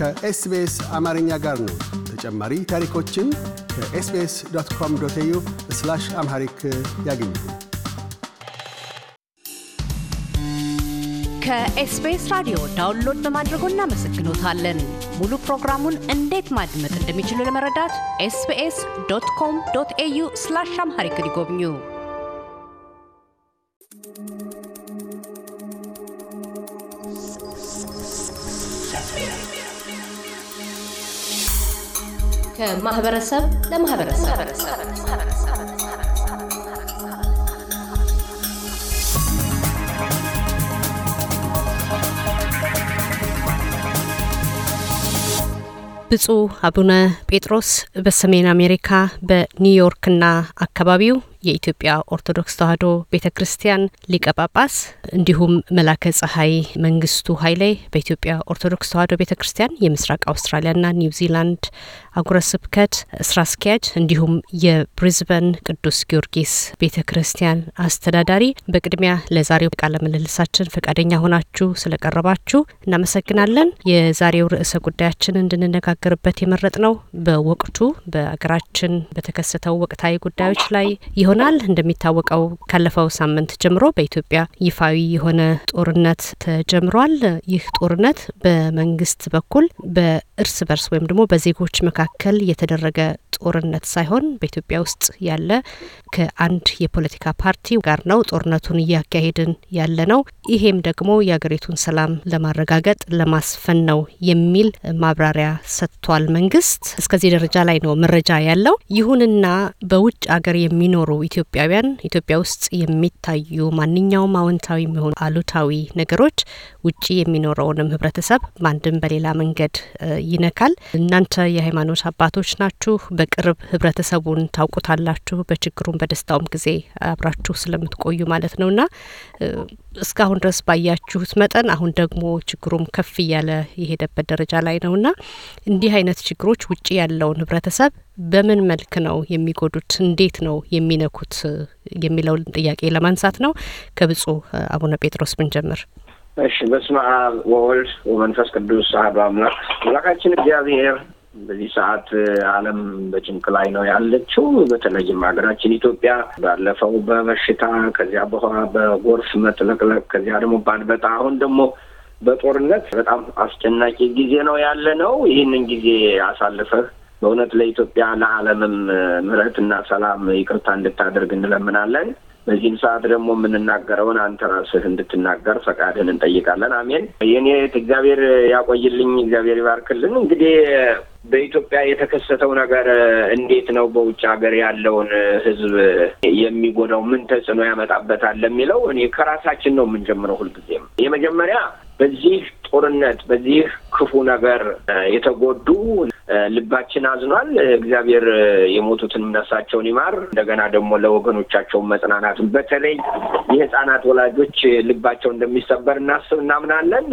ከኤስቢኤስ አማርኛ ጋር ነው። ተጨማሪ ታሪኮችን ከኤስቢኤስ ዶት ኮም ዶት ዩ ስላሽ አምሃሪክ ያገኙ። ከኤስቢኤስ ራዲዮ ዳውንሎድ በማድረጎ እናመሰግኖታለን። ሙሉ ፕሮግራሙን እንዴት ማድመጥ እንደሚችሉ ለመረዳት ኤስቢኤስ ዶት ኮም ዶት ኤዩ ስላሽ አምሃሪክ ይጎብኙ። ከማህበረሰብ ለማህበረሰብ ብፁዕ አቡነ ጴጥሮስ በሰሜን አሜሪካ በኒውዮርክና አካባቢው የኢትዮጵያ ኦርቶዶክስ ተዋሕዶ ቤተ ክርስቲያን ሊቀ ጳጳስ እንዲሁም መላከ ጸሐይ መንግስቱ ኃይሌ በኢትዮጵያ ኦርቶዶክስ ተዋሕዶ ቤተ ክርስቲያን የምስራቅ አውስትራሊያና ኒውዚላንድ አጉረ ስብከት ስራ አስኪያጅ እንዲሁም የብሪዝበን ቅዱስ ጊዮርጊስ ቤተ ክርስቲያን አስተዳዳሪ፣ በቅድሚያ ለዛሬው ቃለ ምልልሳችን ፈቃደኛ ሆናችሁ ስለቀረባችሁ እናመሰግናለን። የዛሬው ርዕሰ ጉዳያችን እንድንነጋገርበት የመረጥ ነው በወቅቱ በሀገራችን በተከሰተው ወቅታዊ ጉዳዮች ላይ ይሆ ይሆናል። እንደሚታወቀው ካለፈው ሳምንት ጀምሮ በኢትዮጵያ ይፋዊ የሆነ ጦርነት ተጀምሯል። ይህ ጦርነት በመንግስት በኩል በ እርስ በርስ ወይም ደግሞ በዜጎች መካከል የተደረገ ጦርነት ሳይሆን በኢትዮጵያ ውስጥ ያለ ከአንድ የፖለቲካ ፓርቲ ጋር ነው ጦርነቱን እያካሄድን ያለ ነው። ይሄም ደግሞ የሀገሪቱን ሰላም ለማረጋገጥ ለማስፈን ነው የሚል ማብራሪያ ሰጥቷል። መንግስት እስከዚህ ደረጃ ላይ ነው መረጃ ያለው። ይሁንና በውጭ አገር የሚኖሩ ኢትዮጵያውያን ኢትዮጵያ ውስጥ የሚታዩ ማንኛውም አዎንታዊ የሚሆኑ አሉታዊ ነገሮች ውጭ የሚኖረውንም ህብረተሰብ በአንድም በሌላ መንገድ ይነካል። እናንተ የሃይማኖት አባቶች ናችሁ፣ በቅርብ ህብረተሰቡን ታውቁታላችሁ፣ በችግሩም በደስታውም ጊዜ አብራችሁ ስለምትቆዩ ማለት ነው እና እስካሁን ድረስ ባያችሁት መጠን አሁን ደግሞ ችግሩም ከፍ እያለ የሄደበት ደረጃ ላይ ነው እና እንዲህ አይነት ችግሮች ውጭ ያለውን ህብረተሰብ በምን መልክ ነው የሚጎዱት? እንዴት ነው የሚነኩት? የሚለውን ጥያቄ ለማንሳት ነው። ከብፁዕ አቡነ ጴጥሮስ ብንጀምር። እሺ በስመ አብ ወወልድ ወመንፈስ ቅዱስ አሐዱ አምላክ አምላካችን እግዚአብሔር በዚህ ሰዓት ዓለም በጭንቅ ላይ ነው ያለችው። በተለይም ሀገራችን ኢትዮጵያ ባለፈው በበሽታ ከዚያ በኋላ በጎርፍ መጥለቅለቅ ከዚያ ደግሞ ባንበጣ አሁን ደግሞ በጦርነት በጣም አስጨናቂ ጊዜ ነው ያለ ነው። ይህንን ጊዜ አሳልፈህ በእውነት ለኢትዮጵያ ለዓለምም ምሕረትና ሰላም ይቅርታ እንድታደርግ እንለምናለን። በዚህም ሰዓት ደግሞ የምንናገረውን አንተ ራስህ እንድትናገር ፈቃድን እንጠይቃለን። አሜን። የኔ እግዚአብሔር ያቆይልኝ፣ እግዚአብሔር ይባርክልን። እንግዲህ በኢትዮጵያ የተከሰተው ነገር እንዴት ነው? በውጭ ሀገር ያለውን ሕዝብ የሚጎዳው ምን ተጽዕኖ ያመጣበታል ለሚለው እኔ ከራሳችን ነው የምንጀምረው። ሁልጊዜም የመጀመሪያ በዚህ ጦርነት በዚህ ክፉ ነገር የተጎዱ ልባችን አዝኗል። እግዚአብሔር የሞቱትን ነፍሳቸውን ይማር። እንደገና ደግሞ ለወገኖቻቸውን መጽናናቱን በተለይ የህፃናት ወላጆች ልባቸው እንደሚሰበር እናስብ እናምናለን።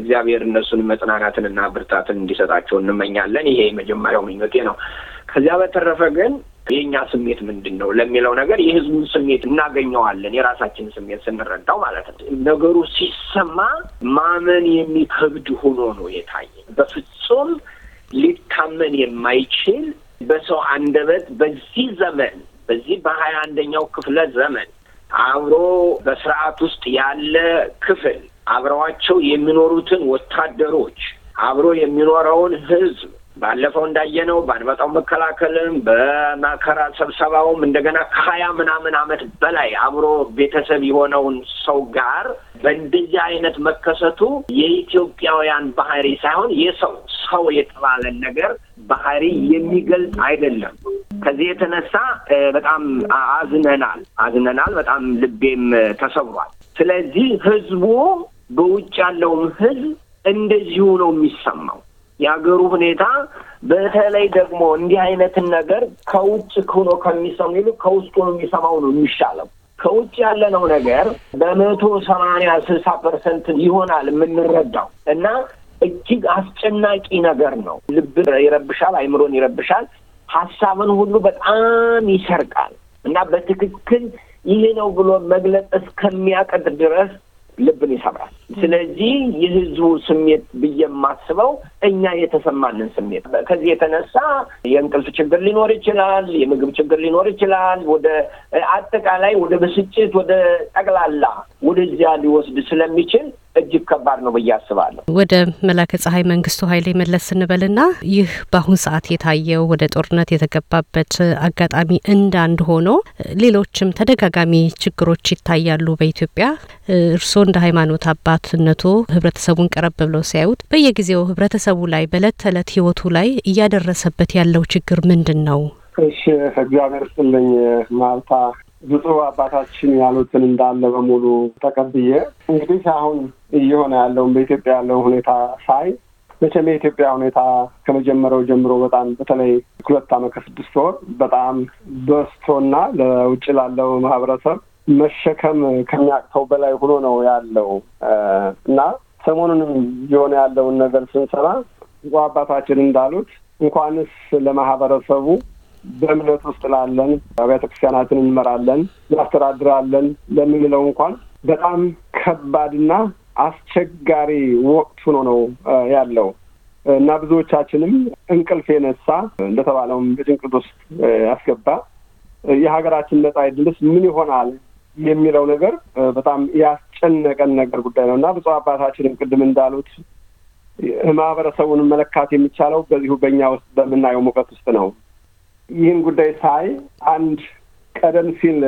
እግዚአብሔር እነሱን መጽናናትንና ብርታትን እንዲሰጣቸው እንመኛለን። ይሄ የመጀመሪያው ምኞቴ ነው። ከዚያ በተረፈ ግን የእኛ ስሜት ምንድን ነው ለሚለው ነገር የህዝቡን ስሜት እናገኘዋለን። የራሳችን ስሜት ስንረዳው ማለት ነው። ነገሩ ሲሰማ ማመን የሚከብድ ሆኖ ነው የታየ በፍጹም ሊታመን የማይችል በሰው አንደበት በዚህ ዘመን በዚህ በሀያ አንደኛው ክፍለ ዘመን አብሮ በስርዓት ውስጥ ያለ ክፍል አብረዋቸው የሚኖሩትን ወታደሮች አብሮ የሚኖረውን ህዝብ ባለፈው እንዳየነው በአንበጣው መከላከልም በመከራ ስብሰባውም እንደገና ከሀያ ምናምን አመት በላይ አብሮ ቤተሰብ የሆነውን ሰው ጋር በእንደዚህ አይነት መከሰቱ የኢትዮጵያውያን ባህሪ ሳይሆን የሰው ሰው የተባለን ነገር ባህሪ የሚገልጽ አይደለም። ከዚህ የተነሳ በጣም አዝነናል አዝነናል። በጣም ልቤም ተሰብሯል። ስለዚህ ህዝቡ በውጭ ያለውም ህዝብ እንደዚሁ ነው የሚሰማው። የሀገሩ ሁኔታ በተለይ ደግሞ እንዲህ አይነትን ነገር ከውጭ ሆኖ ከሚሰሙ ይሉ ከውስጡ የሚሰማው ነው የሚሻለው። ከውጭ ያለነው ነገር በመቶ ሰማንያ ስልሳ ፐርሰንት ይሆናል የምንረዳው እና እጅግ አስጨናቂ ነገር ነው። ልብ ይረብሻል፣ አይምሮን ይረብሻል፣ ሀሳብን ሁሉ በጣም ይሰርቃል እና በትክክል ይህ ነው ብሎ መግለጽ እስከሚያቅት ድረስ ልብን ይሰብራል። ስለዚህ የህዝቡ ስሜት ብዬ የማስበው እኛ የተሰማንን ስሜት ከዚህ የተነሳ የእንቅልፍ ችግር ሊኖር ይችላል፣ የምግብ ችግር ሊኖር ይችላል። ወደ አጠቃላይ ወደ ብስጭት፣ ወደ ጠቅላላ ወደዚያ ሊወስድ ስለሚችል እጅግ ከባድ ነው ብዬ አስባለሁ። ወደ መላከ ፀሐይ መንግስቱ ኃይሌ መለስ ስንበልና ይህ በአሁን ሰዓት የታየው ወደ ጦርነት የተገባበት አጋጣሚ እንዳንድ ሆኖ ሌሎችም ተደጋጋሚ ችግሮች ይታያሉ በኢትዮጵያ እርስዎ እንደ ሃይማኖት አባት ወጣትነቱ ህብረተሰቡን ቀረብ ብለው ሲያዩት በየጊዜው ህብረተሰቡ ላይ በእለት ተዕለት ህይወቱ ላይ እያደረሰበት ያለው ችግር ምንድን ነው? እሺ እግዚአብሔር ስለኝ ማልታ ብፁዕ አባታችን ያሉትን እንዳለ በሙሉ ተቀብዬ እንግዲህ አሁን እየሆነ ያለውን በኢትዮጵያ ያለው ሁኔታ ሳይ መቼም የኢትዮጵያ ሁኔታ ከመጀመሪያው ጀምሮ በጣም በተለይ ሁለት ዓመት ከስድስት ወር በጣም በስቶና ለውጭ ላለው ማህበረሰብ መሸከም ከሚያቅተው በላይ ሆኖ ነው ያለው እና ሰሞኑንም የሆነ ያለውን ነገር ስንሰራ አባታችን እንዳሉት እንኳንስ ለማህበረሰቡ በእምነት ውስጥ ላለን አብያተ ክርስቲያናትን እንመራለን፣ እናስተዳድራለን ለምንለው እንኳን በጣም ከባድና አስቸጋሪ ወቅት ሆኖ ነው ያለው እና ብዙዎቻችንም እንቅልፍ የነሳ እንደተባለውም በጭንቅት ውስጥ ያስገባ የሀገራችን ነጻ ድልስ ምን ይሆናል የሚለው ነገር በጣም ያስጨነቀን ነገር ጉዳይ ነው እና ብፁዕ አባታችንም ቅድም እንዳሉት ማህበረሰቡን መለካት የሚቻለው በዚሁ በእኛ ውስጥ በምናየው ሙቀት ውስጥ ነው። ይህን ጉዳይ ሳይ አንድ ቀደም ሲል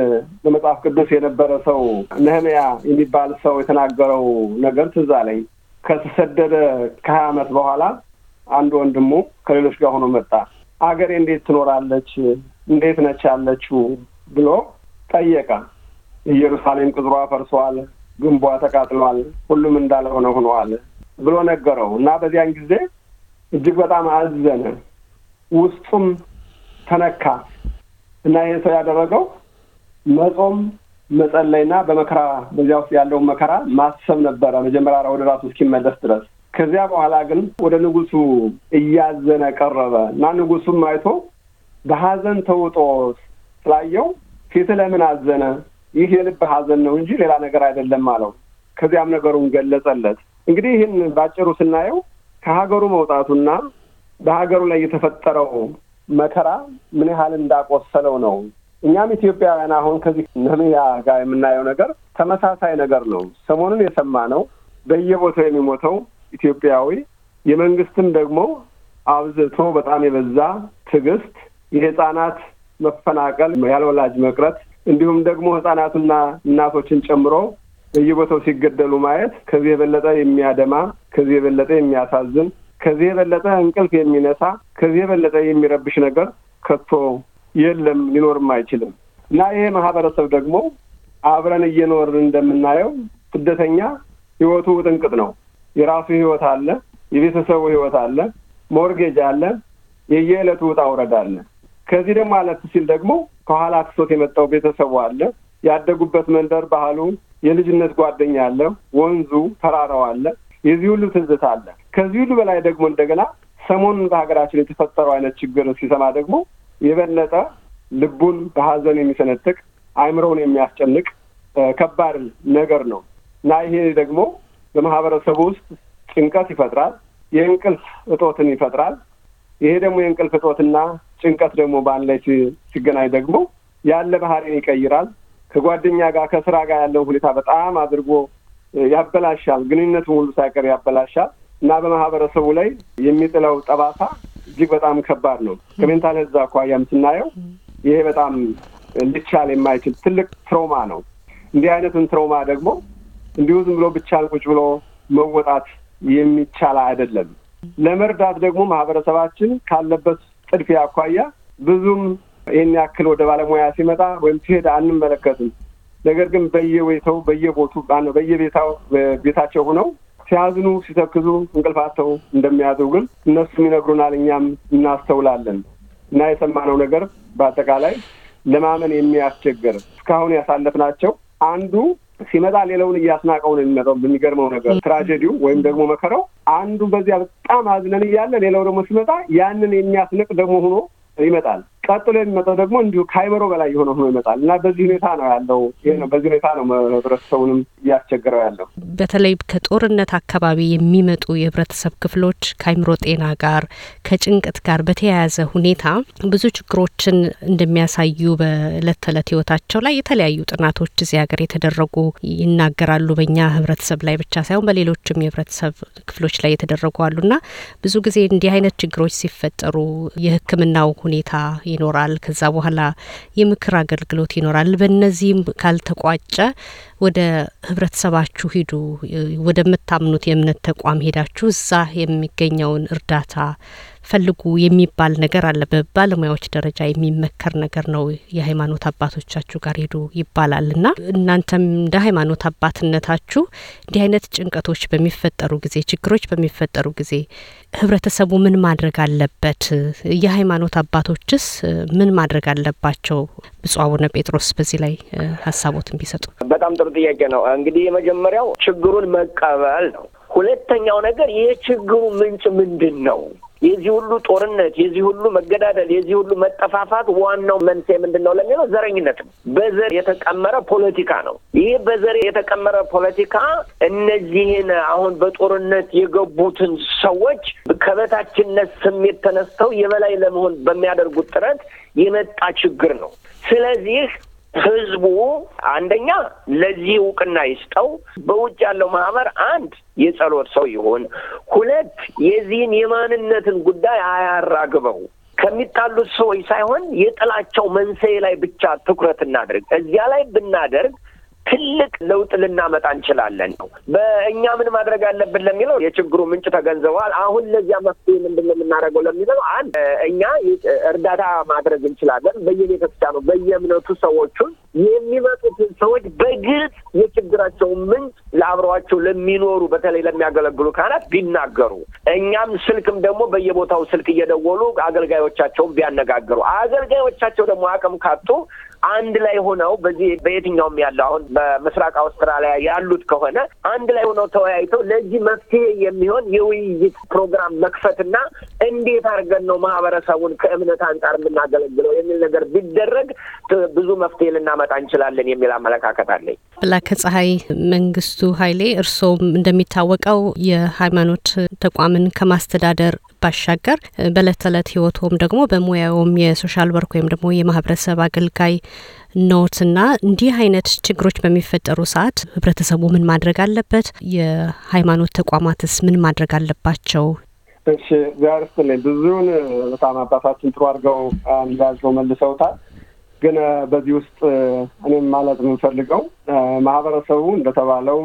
በመጽሐፍ ቅዱስ የነበረ ሰው ነህምያ የሚባል ሰው የተናገረው ነገር ትዝ አለኝ። ከተሰደደ ከሀያ ዓመት በኋላ አንድ ወንድሙ ከሌሎች ጋር ሆኖ መጣ። አገሬ እንዴት ትኖራለች? እንዴት ነች ያለችው? ብሎ ጠየቀ። ኢየሩሳሌም ቅጥሯ ፈርሷል፣ ግንቧ ተቃጥሏል፣ ሁሉም እንዳልሆነ ሆኗል ብሎ ነገረው እና በዚያን ጊዜ እጅግ በጣም አዘነ፣ ውስጡም ተነካ እና ይሄ ሰው ያደረገው መጾም መጸለይና በመከራ በዚያ ውስጥ ያለውን መከራ ማሰብ ነበረ መጀመሪያ ወደ ራሱ እስኪመለስ ድረስ። ከዚያ በኋላ ግን ወደ ንጉሱ እያዘነ ቀረበ እና ንጉሱም አይቶ በሀዘን ተውጦ ስላየው ፊት ለምን አዘነ ይህ የልብ ሐዘን ነው እንጂ ሌላ ነገር አይደለም አለው። ከዚያም ነገሩን ገለጸለት። እንግዲህ ይህን ባጭሩ ስናየው ከሀገሩ መውጣቱና በሀገሩ ላይ የተፈጠረው መከራ ምን ያህል እንዳቆሰለው ነው። እኛም ኢትዮጵያውያን አሁን ከዚህ ነህምያ ጋር የምናየው ነገር ተመሳሳይ ነገር ነው። ሰሞኑን የሰማ ነው። በየቦታው የሚሞተው ኢትዮጵያዊ የመንግስትም ደግሞ አብዝቶ በጣም የበዛ ትዕግስት፣ የህፃናት መፈናቀል፣ ያለ ወላጅ መቅረት እንዲሁም ደግሞ ህጻናትና እናቶችን ጨምሮ በየቦታው ሲገደሉ ማየት ከዚህ የበለጠ የሚያደማ ከዚህ የበለጠ የሚያሳዝን ከዚህ የበለጠ እንቅልፍ የሚነሳ ከዚህ የበለጠ የሚረብሽ ነገር ከቶ የለም፣ ሊኖርም አይችልም እና ይሄ ማህበረሰብ ደግሞ አብረን እየኖርን እንደምናየው ስደተኛ ህይወቱ ውጥንቅጥ ነው። የራሱ ህይወት አለ፣ የቤተሰቡ ህይወት አለ፣ ሞርጌጅ አለ፣ የየዕለቱ ውጣ ውረድ አለ። ከዚህ ደግሞ አለፍ ሲል ደግሞ ከኋላ ትቶት የመጣው ቤተሰቡ አለ፣ ያደጉበት መንደር ባህሉ፣ የልጅነት ጓደኛ አለ፣ ወንዙ፣ ተራራው አለ፣ የዚህ ሁሉ ትዝታ አለ። ከዚህ ሁሉ በላይ ደግሞ እንደገና ሰሞኑን በሀገራችን የተፈጠረው አይነት ችግር ሲሰማ ደግሞ የበለጠ ልቡን በሀዘን የሚሰነጥቅ አይምሮውን የሚያስጨንቅ ከባድ ነገር ነው እና ይሄ ደግሞ በማህበረሰቡ ውስጥ ጭንቀት ይፈጥራል፣ የእንቅልፍ እጦትን ይፈጥራል፣ ይሄ ደግሞ የእንቅልፍ እጦትና ጭንቀት ደግሞ ባለች ሲገናኝ ደግሞ ያለ ባህሪን ይቀይራል። ከጓደኛ ጋር ከስራ ጋር ያለው ሁኔታ በጣም አድርጎ ያበላሻል። ግንኙነቱ ሙሉ ሳይቀር ያበላሻል እና በማህበረሰቡ ላይ የሚጥለው ጠባሳ እጅግ በጣም ከባድ ነው። ከሜንታል ህዝብ አኳያም ስናየው ይሄ በጣም ሊቻል የማይችል ትልቅ ትሮማ ነው። እንዲህ አይነቱን ትሮማ ደግሞ እንዲሁ ዝም ብሎ ብቻን ቁጭ ብሎ መወጣት የሚቻል አይደለም። ለመርዳት ደግሞ ማህበረሰባችን ካለበት ጥድፊያ አኳያ ብዙም ይህን ያክል ወደ ባለሙያ ሲመጣ ወይም ሲሄድ አንመለከትም። ነገር ግን በየቤተው በየቦቱ በየቤታው ቤታቸው ሆነው ሲያዝኑ ሲተክዙ እንቅልፋቸው እንደሚያዘው ግን እነሱም ይነግሩናል፣ እኛም እናስተውላለን። እና የሰማነው ነገር በአጠቃላይ ለማመን የሚያስቸግር እስካሁን ያሳለፍናቸው አንዱ ሲመጣ ሌላውን እያስናቀው ነው የሚመጣው። የሚገርመው ነገር ትራጀዲው ወይም ደግሞ መከራው አንዱ በዚያ በጣም አዝነን እያለ ሌላው ደግሞ ሲመጣ ያንን የሚያስንቅ ደግሞ ሆኖ ይመጣል። ቀጥሎ የሚመጣው ደግሞ እንዲሁ ከአይምሮ በላይ የሆነ ሆኖ ይመጣል እና በዚህ ሁኔታ ነው ያለው። በዚህ ሁኔታ ነው ህብረተሰቡንም እያስቸግረው ያለው። በተለይ ከጦርነት አካባቢ የሚመጡ የህብረተሰብ ክፍሎች ከአይምሮ ጤና ጋር ከጭንቀት ጋር በተያያዘ ሁኔታ ብዙ ችግሮችን እንደሚያሳዩ በእለት ተዕለት ህይወታቸው ላይ የተለያዩ ጥናቶች እዚህ ሀገር የተደረጉ ይናገራሉ። በእኛ ህብረተሰብ ላይ ብቻ ሳይሆን በሌሎችም የህብረተሰብ ክፍሎች ላይ የተደረጉ አሉና ብዙ ጊዜ እንዲህ አይነት ችግሮች ሲፈጠሩ የህክምናው ሁኔታ ይኖራል። ከዛ በኋላ የምክር አገልግሎት ይኖራል። በእነዚህም ካልተቋጨ ወደ ህብረተሰባችሁ ሂዱ፣ ወደምታምኑት የእምነት ተቋም ሄዳችሁ እዛ የሚገኘውን እርዳታ ፈልጉ የሚባል ነገር አለ። በባለሙያዎች ደረጃ የሚመከር ነገር ነው። የሃይማኖት አባቶቻችሁ ጋር ሄዱ ይባላል እና እናንተም እንደ ሃይማኖት አባትነታችሁ እንዲህ አይነት ጭንቀቶች በሚፈጠሩ ጊዜ፣ ችግሮች በሚፈጠሩ ጊዜ ህብረተሰቡ ምን ማድረግ አለበት? የሃይማኖት አባቶችስ ምን ማድረግ አለባቸው? ብፁዕ አቡነ ጴጥሮስ በዚህ ላይ ሀሳቦትን ቢሰጡ። በጣም ጥሩ ጥያቄ ነው። እንግዲህ የመጀመሪያው ችግሩን መቀበል ነው። ሁለተኛው ነገር የችግሩ ምንጭ ምንድን ነው? የዚህ ሁሉ ጦርነት፣ የዚህ ሁሉ መገዳደል፣ የዚህ ሁሉ መጠፋፋት ዋናው መንስኤ ምንድን ነው ለሚለው ዘረኝነት ነው። በዘር የተቀመረ ፖለቲካ ነው። ይህ በዘር የተቀመረ ፖለቲካ እነዚህን አሁን በጦርነት የገቡትን ሰዎች ከበታችነት ስሜት ተነስተው የበላይ ለመሆን በሚያደርጉት ጥረት የመጣ ችግር ነው። ስለዚህ ህዝቡ አንደኛ ለዚህ እውቅና ይስጠው። በውጭ ያለው ማህበር አንድ የጸሎት ሰው ይሁን፣ ሁለት የዚህን የማንነትን ጉዳይ አያራግበው። ከሚጣሉት ሰዎች ሳይሆን የጥላቸው መንስኤ ላይ ብቻ ትኩረት እናደርግ። እዚያ ላይ ብናደርግ ትልቅ ለውጥ ልናመጣ እንችላለን ነው። በእኛ ምን ማድረግ አለብን ለሚለው የችግሩ ምንጭ ተገንዝበዋል። አሁን ለዚያ መፍትሄ ምንድን ነው የምናደርገው ለሚለው አንድ እኛ እርዳታ ማድረግ እንችላለን። በየቤተክርስቲያኑ በየእምነቱ ሰዎቹን የሚመጡትን ሰዎች በግልጽ የችግራቸውን ምንጭ ለአብረዋቸው ለሚኖሩ በተለይ ለሚያገለግሉ ካህናት ቢናገሩ፣ እኛም ስልክም ደግሞ በየቦታው ስልክ እየደወሉ አገልጋዮቻቸውን ቢያነጋግሩ፣ አገልጋዮቻቸው ደግሞ አቅም ካጡ አንድ ላይ ሆነው በዚህ በየትኛውም ያለው አሁን በምስራቅ አውስትራሊያ ያሉት ከሆነ አንድ ላይ ሆነው ተወያይተው ለዚህ መፍትሄ የሚሆን የውይይት ፕሮግራም መክፈትና እንዴት አድርገን ነው ማህበረሰቡን ከእምነት አንጻር የምናገለግለው የሚል ነገር ቢደረግ ብዙ መፍትሄ ልናመጣ እንችላለን የሚል አመለካከት አለኝ። ብላከ ፀሐይ መንግስቱ ኃይሌ እርስዎም እንደሚታወቀው የሃይማኖት ተቋምን ከማስተዳደር ባሻገር በእለት ተእለት ህይወቶም ደግሞ በሙያውም የሶሻል ወርክ ወይም ደግሞ የማህበረሰብ አገልጋይ ኖትና እንዲህ አይነት ችግሮች በሚፈጠሩ ሰዓት ህብረተሰቡ ምን ማድረግ አለበት? የሃይማኖት ተቋማትስ ምን ማድረግ አለባቸው? እሺ፣ ዚር ስትልኝ ብዙውን በጣም አባታችን ጥሩ አድርገው እንዳያዝበው መልሰውታል። ግን በዚህ ውስጥ እኔም ማለት የምንፈልገው ማህበረሰቡ እንደተባለው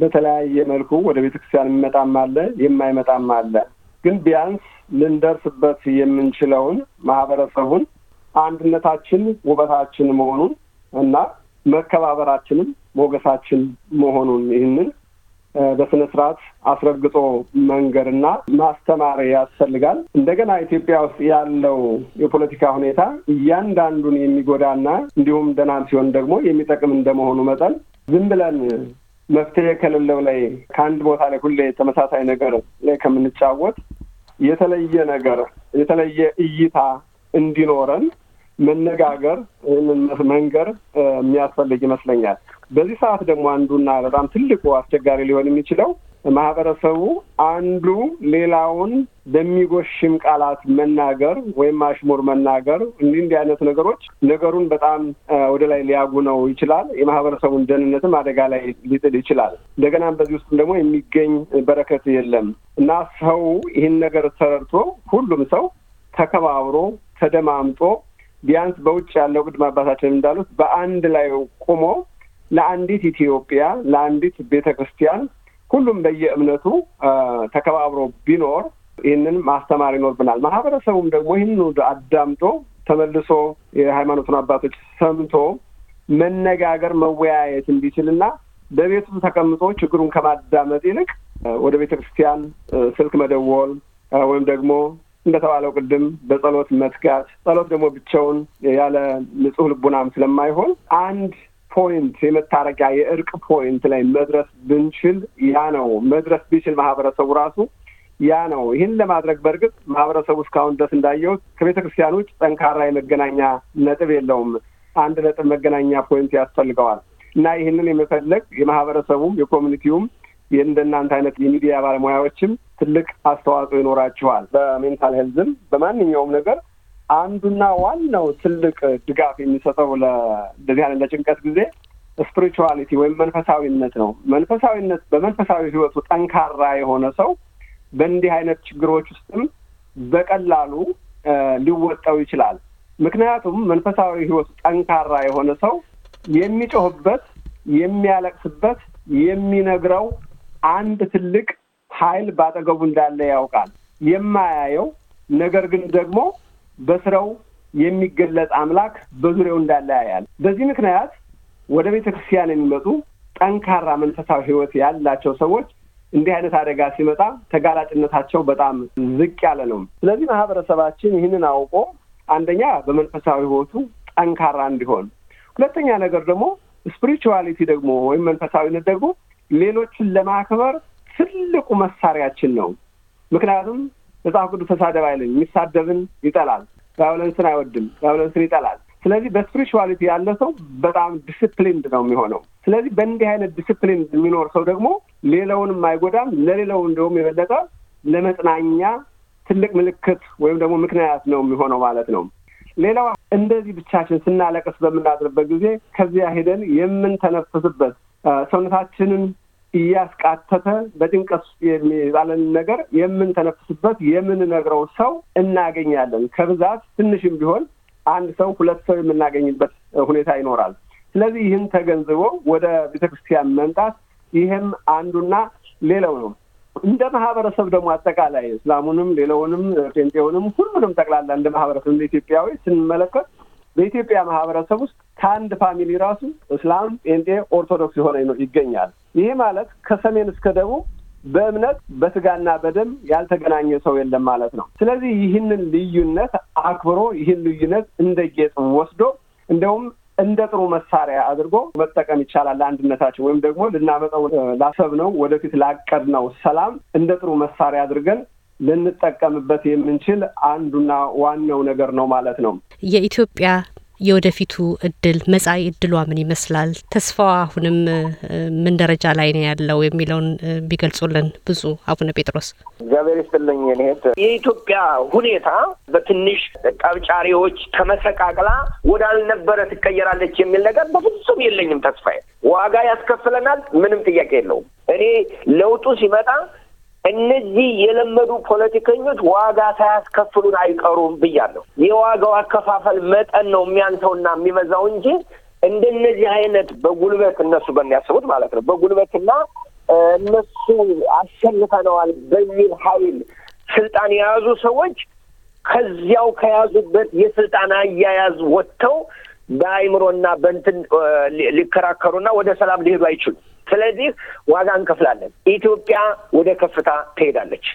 በተለያየ መልኩ ወደ ቤተክርስቲያን የሚመጣም አለ፣ የማይመጣም አለ። ግን ቢያንስ ልንደርስበት የምንችለውን ማህበረሰቡን አንድነታችን ውበታችን መሆኑን እና መከባበራችንም ሞገሳችን መሆኑን ይህንን በስነ ስርዓት አስረግጦ መንገድና ማስተማር ያስፈልጋል። እንደገና ኢትዮጵያ ውስጥ ያለው የፖለቲካ ሁኔታ እያንዳንዱን የሚጎዳና እንዲሁም ደህና ሲሆን ደግሞ የሚጠቅም እንደመሆኑ መጠን ዝም ብለን መፍትሄ ከሌለው ላይ ከአንድ ቦታ ላይ ሁሌ ተመሳሳይ ነገር ላይ ከምንጫወት የተለየ ነገር የተለየ እይታ እንዲኖረን መነጋገር፣ ይህንን መንገር የሚያስፈልግ ይመስለኛል። በዚህ ሰዓት ደግሞ አንዱና በጣም ትልቁ አስቸጋሪ ሊሆን የሚችለው ማህበረሰቡ አንዱ ሌላውን በሚጎሽም ቃላት መናገር ወይም አሽሙር መናገር እንዲህ እንዲህ አይነት ነገሮች ነገሩን በጣም ወደ ላይ ሊያጉ ነው ይችላል። የማህበረሰቡን ደህንነትም አደጋ ላይ ሊጥል ይችላል። እንደገናም በዚህ ውስጥ ደግሞ የሚገኝ በረከት የለም እና ሰው ይህን ነገር ተረድቶ ሁሉም ሰው ተከባብሮ ተደማምጦ ቢያንስ በውጭ ያለው ቅድመ አባታችን እንዳሉት በአንድ ላይ ቆሞ ለአንዲት ኢትዮጵያ ለአንዲት ቤተ ክርስቲያን ሁሉም በየእምነቱ ተከባብሮ ቢኖር ይህንን ማስተማር ይኖርብናል። ማህበረሰቡም ደግሞ ይህን አዳምጦ ተመልሶ የሃይማኖቱን አባቶች ሰምቶ መነጋገር መወያየት እንዲችልና በቤቱ ተቀምጦ ችግሩን ከማዳመጥ ይልቅ ወደ ቤተ ክርስቲያን ስልክ መደወል ወይም ደግሞ እንደተባለው ቅድም በጸሎት መትጋት፣ ጸሎት ደግሞ ብቻውን ያለ ንጹህ ልቡናም ስለማይሆን አንድ ፖይንት የመታረቂያ የእርቅ ፖይንት ላይ መድረስ ብንችል ያ ነው መድረስ ቢችል ማህበረሰቡ ራሱ ያ ነው። ይህን ለማድረግ በእርግጥ ማህበረሰቡ እስካሁን ድረስ እንዳየሁት ከቤተ ክርስቲያን ውጭ ጠንካራ የመገናኛ ነጥብ የለውም። አንድ ነጥብ መገናኛ ፖይንት ያስፈልገዋል እና ይህንን የመፈለግ የማህበረሰቡም የኮሚኒቲውም የእንደናንተ አይነት የሚዲያ ባለሙያዎችም ትልቅ አስተዋጽኦ ይኖራችኋል። በሜንታል ሄልዝም በማንኛውም ነገር አንዱና ዋናው ትልቅ ድጋፍ የሚሰጠው ለእንደዚህ አይነት ለጭንቀት ጊዜ ስፕሪቹዋሊቲ ወይም መንፈሳዊነት ነው። መንፈሳዊነት በመንፈሳዊ ህይወቱ ጠንካራ የሆነ ሰው በእንዲህ አይነት ችግሮች ውስጥም በቀላሉ ሊወጣው ይችላል። ምክንያቱም መንፈሳዊ ህይወቱ ጠንካራ የሆነ ሰው የሚጮህበት፣ የሚያለቅስበት፣ የሚነግረው አንድ ትልቅ ኃይል ባጠገቡ እንዳለ ያውቃል። የማያየው ነገር ግን ደግሞ በስራው የሚገለጽ አምላክ በዙሪያው እንዳለ ያያል። በዚህ ምክንያት ወደ ቤተ ክርስቲያን የሚመጡ ጠንካራ መንፈሳዊ ሕይወት ያላቸው ሰዎች እንዲህ አይነት አደጋ ሲመጣ ተጋላጭነታቸው በጣም ዝቅ ያለ ነው። ስለዚህ ማህበረሰባችን ይህንን አውቆ አንደኛ በመንፈሳዊ ሕይወቱ ጠንካራ እንዲሆን፣ ሁለተኛ ነገር ደግሞ ስፒሪቹዋሊቲ ደግሞ ወይም መንፈሳዊነት ደግሞ ሌሎችን ለማክበር ትልቁ መሳሪያችን ነው። ምክንያቱም መጽሐፍ ቅዱስ ተሳደብ አይልም። የሚሳደብን ይጠላል። ቫዮለንስን አይወድም። ቫዮለንስን ይጠላል። ስለዚህ በስፒሪቹዋሊቲ ያለ ሰው በጣም ዲስፕሊንድ ነው የሚሆነው። ስለዚህ በእንዲህ አይነት ዲስፕሊን የሚኖር ሰው ደግሞ ሌላውንም አይጎዳም፣ ለሌላው እንደውም የበለጠ ለመጽናኛ ትልቅ ምልክት ወይም ደግሞ ምክንያት ነው የሚሆነው ማለት ነው። ሌላው እንደዚህ ብቻችን ስናለቅስ በምናድርበት ጊዜ ከዚያ ሄደን የምንተነፍስበት ሰውነታችንን እያስቃተተ በጭንቀት ውስጥ የሚባለን ነገር የምንተነፍስበት የምንነግረው ሰው እናገኛለን። ከብዛት ትንሽም ቢሆን አንድ ሰው ሁለት ሰው የምናገኝበት ሁኔታ ይኖራል። ስለዚህ ይህን ተገንዝቦ ወደ ቤተክርስቲያን መምጣት ይህም አንዱና ሌላው ነው። እንደ ማህበረሰብ ደግሞ አጠቃላይ እስላሙንም፣ ሌላውንም፣ ጴንጤውንም ሁሉንም ጠቅላላ እንደ ማህበረሰብ እንደ ኢትዮጵያዊ ስንመለከት በኢትዮጵያ ማህበረሰብ ውስጥ ከአንድ ፋሚሊ ራሱ እስላም፣ ጴንጤ፣ ኦርቶዶክስ የሆነ ይገኛል። ይህ ማለት ከሰሜን እስከ ደቡብ በእምነት በስጋና በደም ያልተገናኘ ሰው የለም ማለት ነው። ስለዚህ ይህንን ልዩነት አክብሮ ይህን ልዩነት እንደ ጌጥ ወስዶ እንደውም እንደ ጥሩ መሳሪያ አድርጎ መጠቀም ይቻላል። ለአንድነታችን ወይም ደግሞ ልናመጣው ላሰብነው ወደፊት ላቀድነው ሰላም እንደ ጥሩ መሳሪያ አድርገን ልንጠቀምበት የምንችል አንዱና ዋናው ነገር ነው ማለት ነው። የኢትዮጵያ የወደፊቱ እድል መጻኢ እድሏ ምን ይመስላል፣ ተስፋዋ አሁንም ምን ደረጃ ላይ ነው ያለው የሚለውን ቢገልጹልን ብዙ አቡነ ጴጥሮስ። እግዚአብሔር ይስጥልኝ። ኔት የኢትዮጵያ ሁኔታ በትንሽ ቀብጫሪዎች ተመሰቃቅላ ወዳልነበረ ትቀየራለች የሚል ነገር በፍጹም የለኝም። ተስፋዬ ዋጋ ያስከፍለናል፣ ምንም ጥያቄ የለውም። እኔ ለውጡ ሲመጣ እነዚህ የለመዱ ፖለቲከኞች ዋጋ ሳያስከፍሉን አይቀሩም ብያለሁ። የዋጋው አከፋፈል መጠን ነው የሚያንሰውና የሚበዛው እንጂ እንደነዚህ አይነት በጉልበት እነሱ በሚያስቡት ማለት ነው በጉልበትና እነሱ አሸንፈነዋል በሚል ኃይል ስልጣን የያዙ ሰዎች ከዚያው ከያዙበት የስልጣን አያያዝ ወጥተው በአይምሮና በእንትን ሊከራከሩና ወደ ሰላም ሊሄዱ አይችሉም። ስለዚህ ዋጋ እንከፍላለን። ኢትዮጵያ ወደ ከፍታ ትሄዳለች።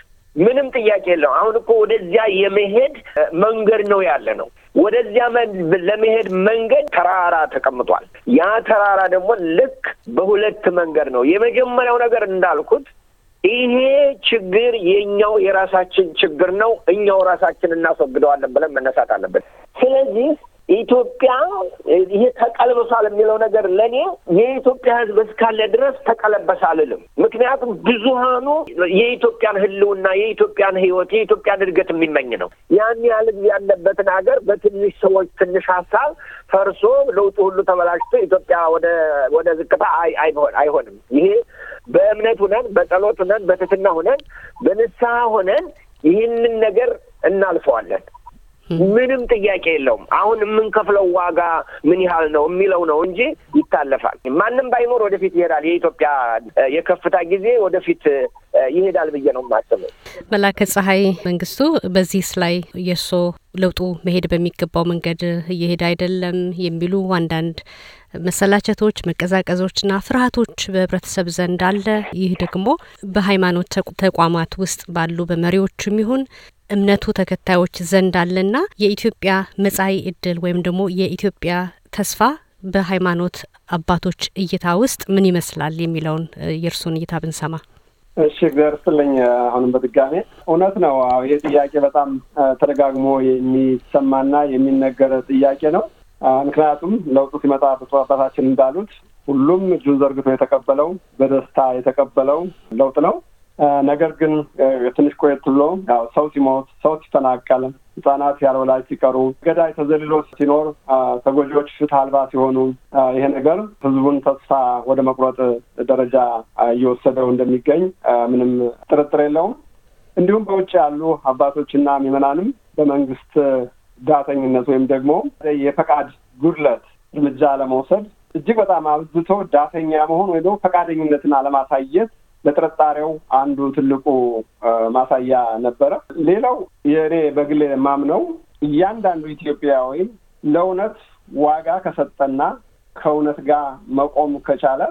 ምንም ጥያቄ የለው አሁን እኮ ወደዚያ የመሄድ መንገድ ነው ያለ ነው። ወደዚያ ለመሄድ መንገድ ተራራ ተቀምጧል። ያ ተራራ ደግሞ ልክ በሁለት መንገድ ነው። የመጀመሪያው ነገር እንዳልኩት ይሄ ችግር የኛው የራሳችን ችግር ነው፣ እኛው ራሳችን እናስወግደዋለን ብለን መነሳት አለበት። ስለዚህ ኢትዮጵያ ይሄ ተቀልበሷል የሚለው ነገር ለእኔ የኢትዮጵያ ሕዝብ እስካለ ድረስ ተቀለበሰ አልልም። ምክንያቱም ብዙሃኑ የኢትዮጵያን ሕልውና የኢትዮጵያን ሕይወት የኢትዮጵያን እድገት የሚመኝ ነው። ያን ያህል ያለበትን ሀገር በትንሽ ሰዎች ትንሽ ሀሳብ ፈርሶ ለውጡ ሁሉ ተበላሽቶ ኢትዮጵያ ወደ ወደ ዝቅታ አይሆንም። ይሄ በእምነት ሁነን በጸሎት ሁነን በትትና ሁነን በንስሐ ሁነን ይህንን ነገር እናልፈዋለን። ምንም ጥያቄ የለውም። አሁን የምንከፍለው ዋጋ ምን ያህል ነው የሚለው ነው እንጂ ይታለፋል። ማንም ባይኖር ወደፊት ይሄዳል። የኢትዮጵያ የከፍታ ጊዜ ወደፊት ይሄዳል ብዬ ነው የማስበው። መላከ ፀሐይ መንግስቱ፣ በዚህስ ላይ የእርስዎ ለውጡ መሄድ በሚገባው መንገድ እየሄደ አይደለም የሚሉ አንዳንድ መሰላቸቶች፣ መቀዛቀዞችና ፍርሃቶች በህብረተሰብ ዘንድ አለ። ይህ ደግሞ በሃይማኖት ተቋማት ውስጥ ባሉ በመሪዎችም ይሁን እምነቱ ተከታዮች ዘንድ አለና የኢትዮጵያ መጻኢ እድል ወይም ደግሞ የኢትዮጵያ ተስፋ በሃይማኖት አባቶች እይታ ውስጥ ምን ይመስላል የሚለውን የእርሱን እይታ ብንሰማ። እሺ፣ እግዚአብሔር ይስጥልኝ። አሁንም በድጋሜ እውነት ነው። ይህ ጥያቄ በጣም ተደጋግሞ የሚሰማና የሚነገር ጥያቄ ነው። ምክንያቱም ለውጡ ሲመጣ ብፁዕ አባታችን እንዳሉት ሁሉም እጁን ዘርግቶ የተቀበለው በደስታ የተቀበለው ለውጥ ነው። ነገር ግን ትንሽ ቆየት ብሎ ያው ሰው ሲሞት፣ ሰው ሲፈናቀል፣ ህጻናት ያለወላጅ ሲቀሩ፣ ገዳይ ተዘልሎ ሲኖር፣ ተጎጂዎች ፍትህ አልባ ሲሆኑ ይሄ ነገር ህዝቡን ተስፋ ወደ መቁረጥ ደረጃ እየወሰደው እንደሚገኝ ምንም ጥርጥር የለውም። እንዲሁም በውጭ ያሉ አባቶችና ምዕመናንም በመንግስት ዳተኝነት ወይም ደግሞ የፈቃድ ጉድለት እርምጃ ለመውሰድ እጅግ በጣም አብዝቶ ዳተኛ መሆን ወይ ደግሞ ፈቃደኝነትን አለማሳየት ለጥርጣሬው አንዱ ትልቁ ማሳያ ነበረ። ሌላው የእኔ በግል የማምነው እያንዳንዱ ኢትዮጵያዊ ለእውነት ዋጋ ከሰጠና ከእውነት ጋር መቆም ከቻለ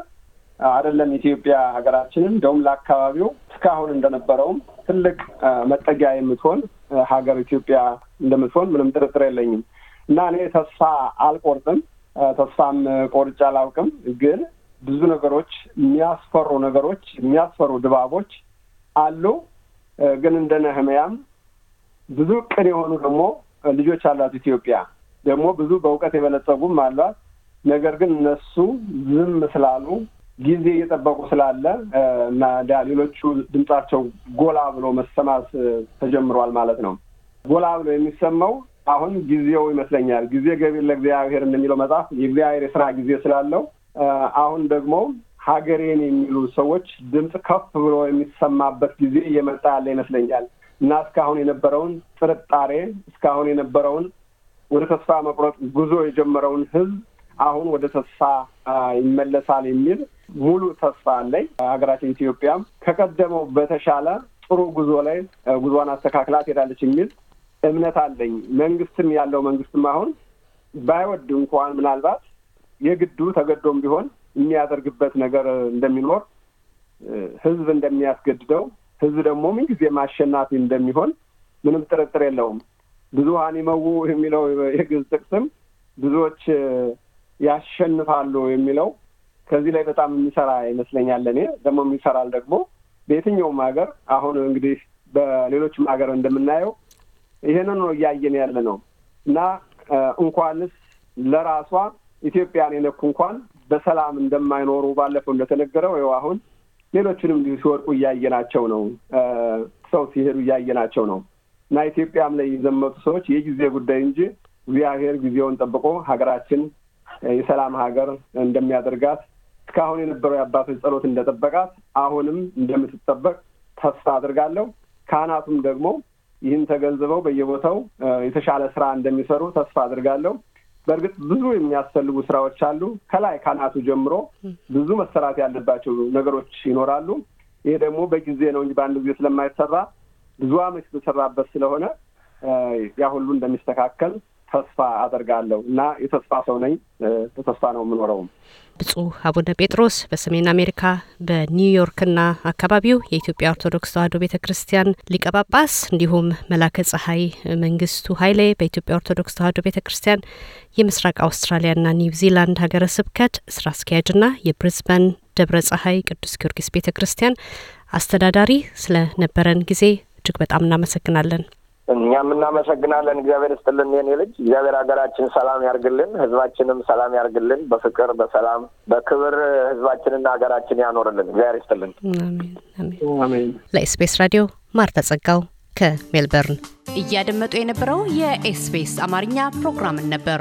አይደለም ኢትዮጵያ ሀገራችንን እንደውም ለአካባቢው እስካሁን እንደነበረውም ትልቅ መጠጊያ የምትሆን ሀገር ኢትዮጵያ እንደምትሆን ምንም ጥርጥር የለኝም እና እኔ ተስፋ አልቆርጥም፣ ተስፋም ቆርጬ አላውቅም። ግን ብዙ ነገሮች የሚያስፈሩ ነገሮች የሚያስፈሩ ድባቦች አሉ። ግን እንደ ነህምያም ብዙ ቅን የሆኑ ደግሞ ልጆች አሏት ኢትዮጵያ ደግሞ ብዙ በእውቀት የበለጸጉም አሏት። ነገር ግን እነሱ ዝም ስላሉ ጊዜ እየጠበቁ ስላለ እና ሌሎቹ ድምጻቸው ጎላ ብሎ መሰማት ተጀምሯል ማለት ነው። ጎላ ብሎ የሚሰማው አሁን ጊዜው ይመስለኛል። ጊዜ ገቢር ለእግዚአብሔር እንደሚለው መጽሐፍ የእግዚአብሔር የስራ ጊዜ ስላለው አሁን ደግሞ ሀገሬን የሚሉ ሰዎች ድምፅ ከፍ ብሎ የሚሰማበት ጊዜ እየመጣ ያለ ይመስለኛል እና እስካሁን የነበረውን ጥርጣሬ እስካሁን የነበረውን ወደ ተስፋ መቁረጥ ጉዞ የጀመረውን ህዝብ አሁን ወደ ተስፋ ይመለሳል የሚል ሙሉ ተስፋ አለኝ። ሀገራችን ኢትዮጵያም ከቀደመው በተሻለ ጥሩ ጉዞ ላይ ጉዞዋን አስተካክላ ትሄዳለች የሚል እምነት አለኝ። መንግስትም ያለው መንግስትም አሁን ባይወድ እንኳን ምናልባት የግዱ ተገዶም ቢሆን የሚያደርግበት ነገር እንደሚኖር ህዝብ እንደሚያስገድደው ህዝብ ደግሞ ምንጊዜም አሸናፊ እንደሚሆን ምንም ጥርጥር የለውም። ብዙሀን ይመው የሚለው የግዕዝ ጥቅስም ብዙዎች ያሸንፋሉ የሚለው ከዚህ ላይ በጣም የሚሰራ ይመስለኛል። እኔ ደግሞ የሚሰራል ደግሞ በየትኛውም ሀገር አሁን እንግዲህ በሌሎችም ሀገር እንደምናየው ይሄንን ነው እያየን ያለ ነው እና እንኳንስ ለራሷ ኢትዮጵያን የነኩ እንኳን በሰላም እንደማይኖሩ ባለፈው እንደተነገረው ይኸው አሁን ሌሎችንም እንዲሁ ሲወድቁ እያየናቸው ነው። ሰው ሲሄዱ እያየናቸው ነው እና ኢትዮጵያም ላይ የዘመቱ ሰዎች የጊዜ ጉዳይ እንጂ እግዚአብሔር ጊዜውን ጠብቆ ሀገራችን የሰላም ሀገር እንደሚያደርጋት እስካሁን የነበረው የአባቶች ጸሎት እንደጠበቃት አሁንም እንደምትጠበቅ ተስፋ አድርጋለሁ። ካህናቱም ደግሞ ይህን ተገንዝበው በየቦታው የተሻለ ስራ እንደሚሰሩ ተስፋ አድርጋለሁ። በእርግጥ ብዙ የሚያስፈልጉ ስራዎች አሉ። ከላይ ካህናቱ ጀምሮ ብዙ መሰራት ያለባቸው ነገሮች ይኖራሉ። ይሄ ደግሞ በጊዜ ነው እንጂ በአንድ ጊዜ ስለማይሰራ ብዙ አመት የተሰራበት ስለሆነ ያ ሁሉ እንደሚስተካከል ተስፋ አደርጋለሁ እና የተስፋ ሰው ነኝ። በተስፋ ነው የምኖረውም። ብፁዕ አቡነ ጴጥሮስ በሰሜን አሜሪካ በኒውዮርክና አካባቢው የኢትዮጵያ ኦርቶዶክስ ተዋሕዶ ቤተ ክርስቲያን ሊቀ ጳጳስ እንዲሁም መላከ ጸሐይ መንግስቱ ኃይሌ በኢትዮጵያ ኦርቶዶክስ ተዋሕዶ ቤተ ክርስቲያን የምስራቅ አውስትራሊያና ኒውዚላንድ ሀገረ ስብከት ስራ አስኪያጅና የብሪዝበን ደብረ ጸሐይ ቅዱስ ጊዮርጊስ ቤተ ክርስቲያን አስተዳዳሪ ስለነበረን ጊዜ እጅግ በጣም እናመሰግናለን። እኛም እናመሰግናለን። እግዚአብሔር ይስጥልን የኔ ልጅ። እግዚአብሔር ሀገራችን ሰላም ያርግልን፣ ህዝባችንም ሰላም ያርግልን። በፍቅር በሰላም በክብር ህዝባችንና ሀገራችን ያኖርልን። እግዚአብሔር ይስጥልን። ለኤስቢኤስ ራዲዮ ማርታ ጸጋው ከሜልበርን እያደመጡ የነበረው የኤስቢኤስ አማርኛ ፕሮግራምን ነበር።